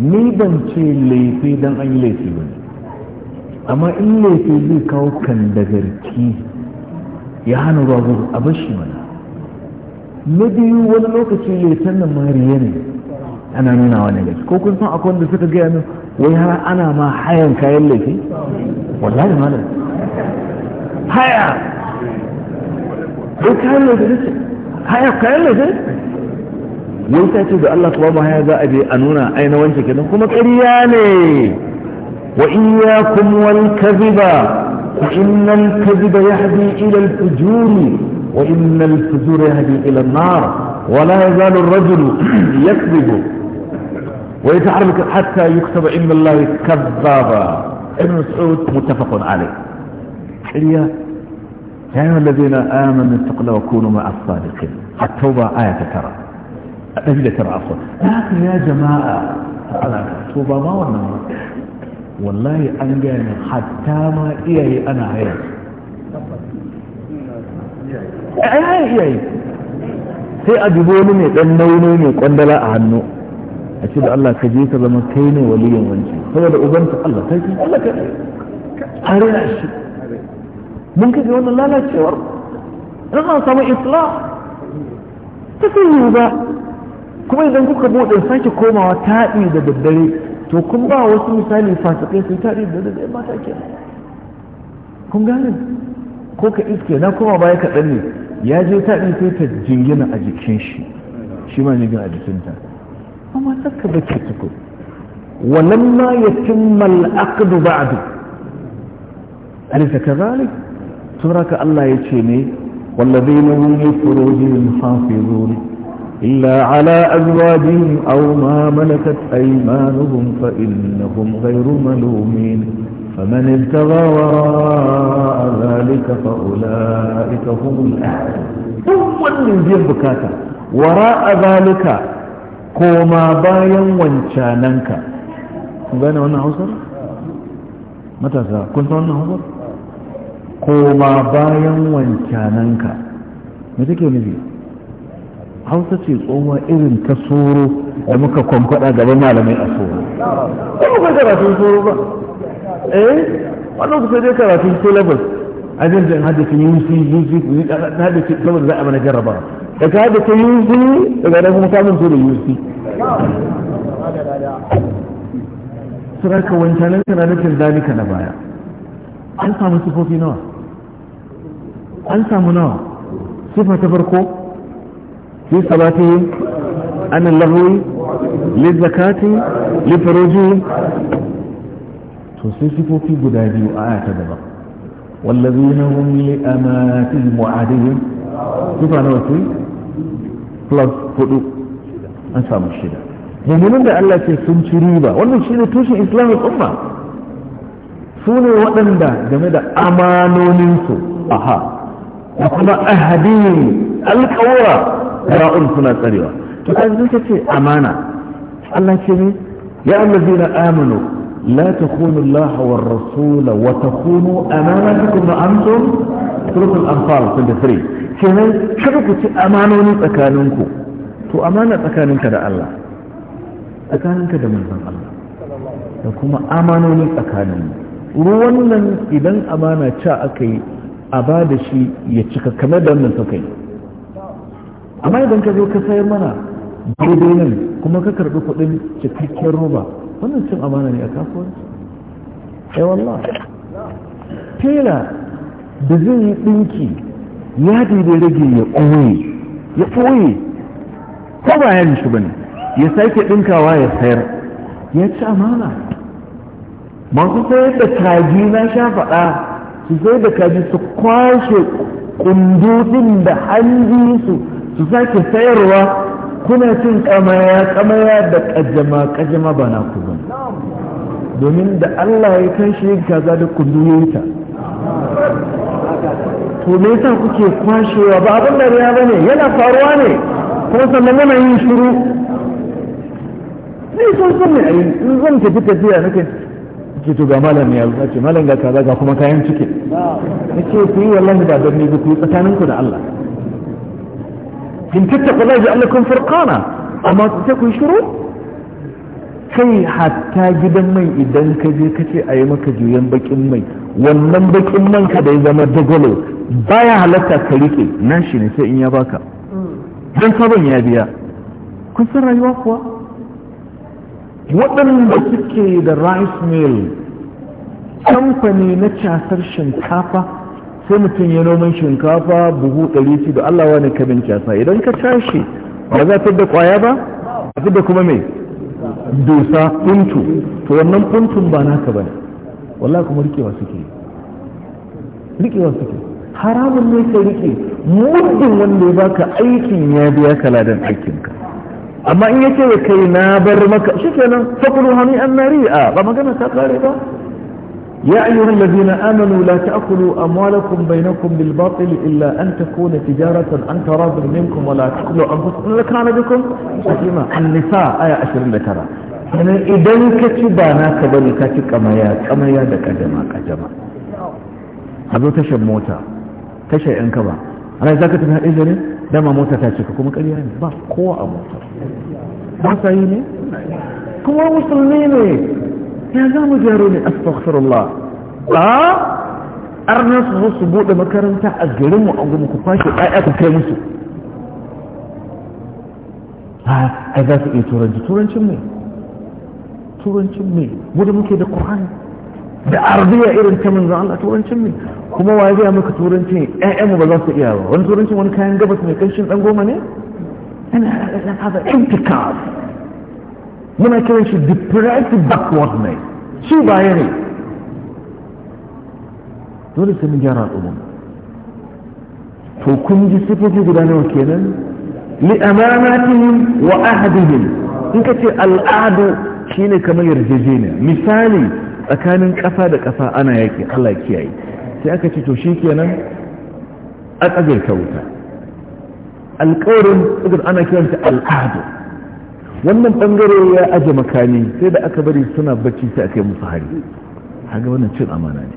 ni ban ce laifi don an yi laifi ba amma in laifi zai kawo kan dagarki ya hana ruwa a mana na biyu wani lokaci letan nan mariya ne ana nuna wani gaske ko kun san akwai wanda suka gaya min wai har ana ma hayan kayan laifi wallahi malam haya wai kayan laifi ne haya kayan laifi wai ta ce da Allah ta babu haya za a je a nuna aina wancan kenan kuma ƙarya ne wa iyyakum wal kadhiba fa innal kadhiba yahdi ila al fujuri وإن الفجور يهدي إلى النار ولا يزال الرجل يكذب ويتحرك حتى يكتب إن الله كذابا ابن مسعود متفق عليه حليا يا أيها الذين آمنوا اتقوا الله وكونوا مع الصادقين التوبة آية ترى نجد ترى عفوا لكن يا جماعة أنا التوبة ما والله والله أنجاني حتى ما إيه أنا عيش sai a dubo wani mai dan nauyi mai kwandala a hannu a ce da Allah ka je ka zama kai ne waliyin wanci saboda ubanta Allah ta ki Allah ka na shi mun kaje wannan lalacewar in an samu islam ta sanyi ba kuma idan kuka bude sake komawa taɗi da daddare to kun ba wasu misali fasikai sai taɗi da daddare ba ta ke kun gane ko ka iske na koma baya kaɗan ne ya je ta ɗin sai ta jingina a jikin shi shi ma jingina a jikinta amma saka bacci tuku walamma yatimma al-aqd ba'du alaysa kadhalik suraka Allah yace ne walladhina hum li furujihim hafizun illa ala azwajihim aw ma malakat aymanuhum fa innahum ghayru malumin فمن ابتغى وراء ذلك فأولئك هم الأعلى هم الذين بكاتا وراء ذلك كما بايا وانشاننك كنت وانا عصر متى سا كنت وانا عصر كما بايا وانشاننك متى كي نبي hausa ce tsohuwa اذن كسورو tsoro da muka kwamfada gaban malamai a eh wani lokaci dai karatu syllabus a zan zan haddace UC UC na haddace saboda za a mana jarraba da ka haddace UC daga nan kuma kamun so da UC saraka wancanan kana nufin zalika na baya an samu sifofi nawa an samu nawa sifa ta farko fi sabati an lahuwi lizakati lifaroji to sai sifofi guda biyu a aya ta gaba wallazina hum li amanatihim wa adihim sifa nawa ce plus hudu an samu shida mummunan da Allah ce sun ci riba wannan shi shine tushen islamic umma su ne waɗanda game da amanoninsu aha da kuma ahadin alkawura ra'un suna tsarewa to kaji suka ce amana Allah ce ne ya allazina amanu لا تخونوا الله والرسول وتخونوا أمانتكم وأنتم سورة الأنفال 23 kenan kada ku ci amanoni tsakaninku to amana tsakaninka da Allah tsakaninka da manzon Allah da kuma amanoni tsakanin ruwan nan idan amana ca aka yi a ba da shi ya cika kamar da wannan suka yi amma idan ka zo ka sayar mana daidai nan kuma ka karɓi kuɗin cikakken roba wannan cin amana ne a kasuwanci ya eh, wallah tela da zai yi ɗinki ya daidai rage ya ɓoye ya ɓoye ko ba ya shi bane ya sake ɗinkawa ya sayar ya ci amana masu sayar da kaji na sha faɗa su sai da kaji su kwashe kundutun da hanji su su sake sayarwa kuna cin kamaya kamaya da kajama kajama ba naku ba domin da Allah ya kai shi kaza da ku ta to me yasa kuke kwashewa ba abin da ya bane yana faruwa ne kuma sannan yana yin shiru ne sun san ne ayi in zan tafi tafiya nake ce to ga malam ya zace ce malam ga kaza ga kuma kayan ciki nake ku yi wallahi ba don ni ku tsakaninku da Allah in tattaqu Allah ja'al lakum furqana amma sai kun shiru kai hatta gidan mai idan ka je ka ce a yi maka juyan bakin mai wannan bakin man ka da ya zama dagwalo baya halatta ka rike shi ne sai in ya baka don sabon ya biya kun san rayuwa kuwa waɗanda suke da rice mill kamfani na casar shinkafa sai mutum ya noman shinkafa buhu ɗari ci da Allah wani kabin kyasa idan ka tashi ba za ta da kwaya ba a da kuma mai dusa kuntu to wannan kuntun ba naka ba wallah kuma rikewa suke rikewa suke haramun ne ka rike muddin wanda ya baka aikin ya biya ka ladan ka amma in yake da kai na bar maka shikenan fakulu hani an nari a ba magana ta kare ba يا أيها الذين آمنوا لا تأكلوا أموالكم بينكم بالباطل إلا أن تكون تجارة أن تراض منكم ولا تأكلوا أنفسكم لكن على بكم أسلم النساء آية أشر لترى يعني إذن كتبانا كبني كتب كما يا كما يا جماعة جماعة هذا تشر موتا تشي إنكبا أنا إذا كنت بها إذن دم موتا تشك كما قال يعني؟ بس قوة موتا بس أيني كما مسلمين ya za mu jaro ne astaghfirullah a arna su zo su bude makaranta a garin mu an ku kwashe ɗaya ku kai musu a ai za su iya turanci turancin mai turancin mai mu da muke da qur'ani da arabiya irin ta manzo Allah turancin mai kuma wa ya muka turanci ɗaya mu ba za su iya ba wani turancin wani kayan gabas mai kanshin ɗan goma ne ana hada intikaf muna kiran shi depressive backwardness shi baya ne dole sai mun gyara al'umma to kun ji sifofi guda nawa kenan li amanatihim wa ahdihim in ka ce al'adu shine kamar yarjejeniya misali tsakanin kafa da kafa ana yaki Allah kiyaye sai aka ce to shikenan a tsagirta wuta alƙawarin ana kiranta al'adu wannan bangare ya aje makami sai da aka bari suna bacci sai aka yi musu hari haga wannan cin amana ne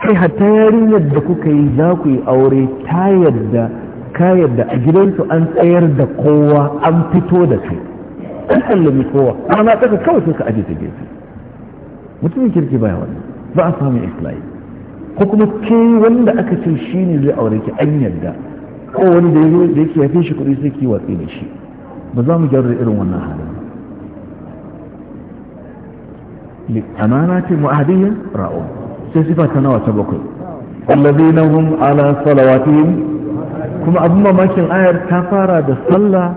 kai hatta yarinyar da kuka yi za ku yi aure ta yadda ka yadda a gidansu an tsayar da kowa an fito da kai an sallami kowa amma tsaka kawai sai ka aje ta gefe mutumin kirki baya wannan ba a samun isla'i ko kuma ke wanda aka ce shi ne zai aure ki an yadda ko wani da yake yafe shi kuɗi sai ki watsi da shi ba za mu gyara irin wannan halin amana ce mu'adiyya ra'o sai sifa ta nawa ta bakwai allazina hum ala salawatihim kuma abin mamakin ayar ta fara da sallah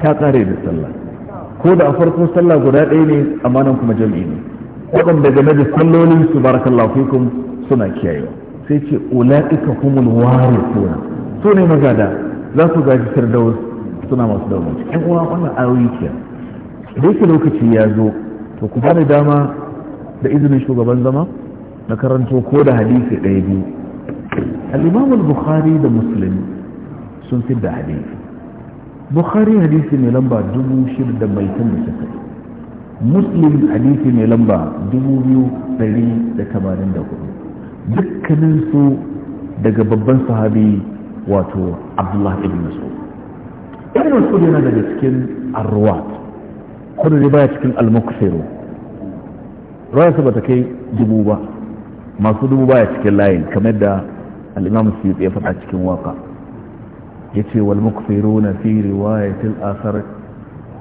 ta kare da sallah ko da a farko sallah guda ɗaya ne amanan kuma jam'i ne waɗanda game da sallolin su barakallahu fikum suna kiyayewa sai ce ula'ika humul suna. su ne magada za su gaji firdaus suna masu damuwa yan uwa wannan ayoyi ke da yake lokaci ya zo to ku bani dama da izinin shugaban zama na karanto ko da hadisi ɗaya biyu al bukhari da musulmi sun fi da hadisi bukhari hadisi mai lamba dubu shida mai tun da shakai muslim hadisi mai lamba dubu biyu ɗari da tamanin da hudu dukkaninsu daga babban sahabi wato abdullahi ibn mas'ud يعني نقول ان هذا يسكن الرواة كل رباية يسكن المكسر رواية سبتا كي دبوبة ما سو دبوبة يسكن لاين كمدى الامام السيوطي يفتح يسكن واقع يتي والمكسرون في رواية الاخر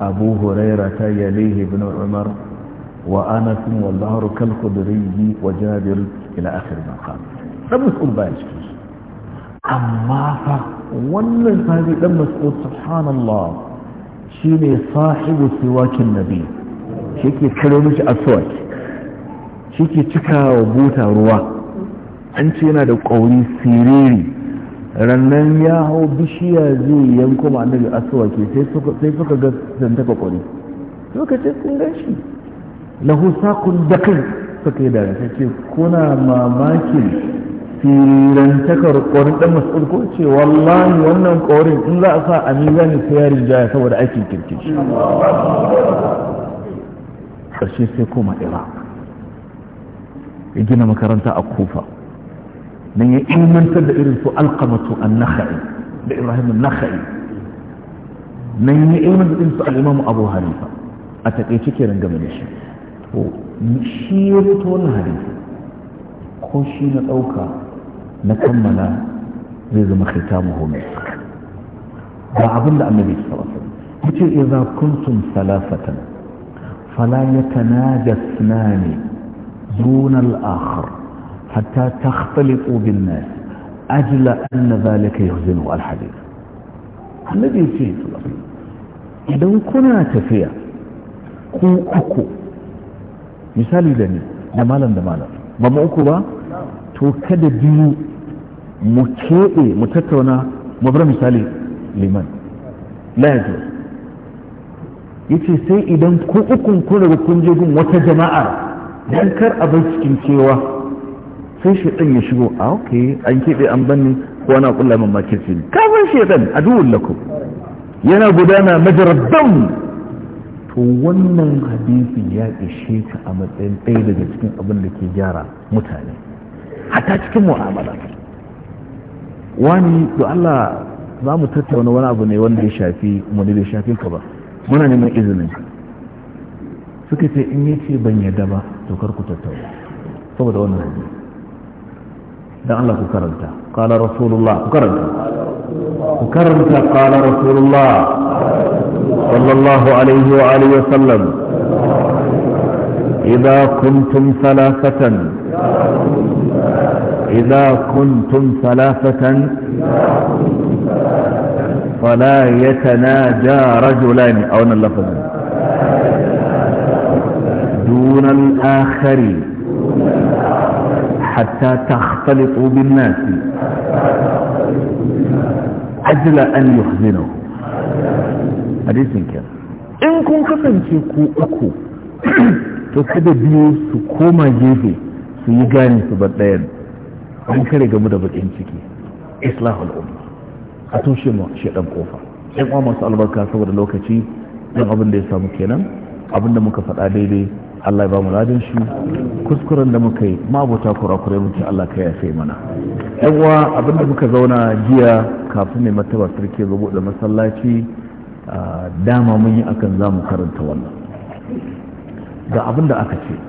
ابو هريرة يليه بن عمر وانس والظهر كالخدري وجابر الى اخر ما مقام لم يسكن بايش amma fa wannan sahabi dan mas'ud subhanallah shine sahibu siwakin nabi shike kare mishi aswat shike cika wa buta ruwa an ce yana da kauri siriri rannan ya hau bishiya zai yanko ma annabi aswaki sai suka ga zantaka kauri suka ce sun gan shi lahu sakun da kai suka yi da sai ce kuna mamakin firantakar ƙorin ɗan mas'ud ko ce wallahi wannan korin in za a sa a mizani sai ya rinjaya saboda aikin kirki ƙarshe sai koma iraq ya gina makaranta a kufa don ya ilmantar da irin su alkamatu an nakhai da ibrahim nakhai nan ya ilmantar da irin su al'imamu abu hanifa a taƙaice kenan game da shi shi ya fito wani hadisi ko shi na ɗauka نكمل لزم ختامه مسك بعضنا النبي صلى الله عليه وسلم يقول إذا كنتم ثلاثة فلا يتناجى اثنان دون الآخر حتى تختلطوا بالناس أجل أن ذلك يهزنه الحديث النبي صلى الله عليه وسلم إذا كنا تفيا كو أكو مثالي لني دمالا دمالا بمعكوا تو كده ديو mu keɓe mu tattauna mu bar misali liman la ya yace sai idan ku ukun kun daga kun je gun wata jama'a dan kar a bar cikin cewa sai shaitan ya shigo a ah, ok an keɓe an banni ko ana kulla man makirci ne kafin shaitan a duwun lako yana gudana majarabban to wannan hadisi ya ishe ka a matsayin ɗaya daga cikin abin da ke gyara mutane hatta cikin mu'amala wani to Allah za mu tattauna wani abu ne wanda ya shafi mu ne bai shafi ka ba muna neman izinin suka ce in yace ban yadda ba to kar ku tattauna saboda wannan hadisi dan Allah ku karanta qala rasulullah ku karanta ku karanta qala rasulullah sallallahu alaihi wa alihi wa sallam idza kuntum thalathatan إذا كنتم ثلاثة فلا يتناجى رجلان أو نلفظ دون الآخر حتى تختلطوا بالناس أجل أن يخزنوا حديث كان إن كفن تنشيكوا أكو تكد بيو سكوما جيفي سيجاني سبطين an kare gamu da bakin ciki islah umma a tushe mu dan kofa ɗan uwa masu albarka saboda lokaci don abin da ya samu kenan abin da muka faɗa daidai Allah ya ba mu ladin shi kuskuren da muka yi mabuta kurakurai muke Allah ka yafe mana yan uwa abin da muka zauna jiya kafin mai mataba sarki ya da masallaci ah, dama mun yi akan za mu karanta wannan ga abin da aka ce